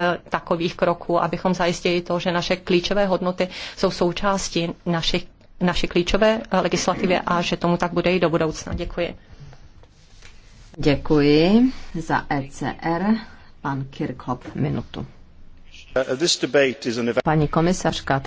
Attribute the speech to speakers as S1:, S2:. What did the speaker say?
S1: Eh, takových kroků, abychom zajistili to, že naše klíčové hodnoty jsou součástí našich, naší klíčové eh, legislativy a že tomu tak bude i do budoucna. Děkuji. Děkuji za ECR. Pan Kirchhoff, minutu.
S2: Uh,
S3: Paní komisařka,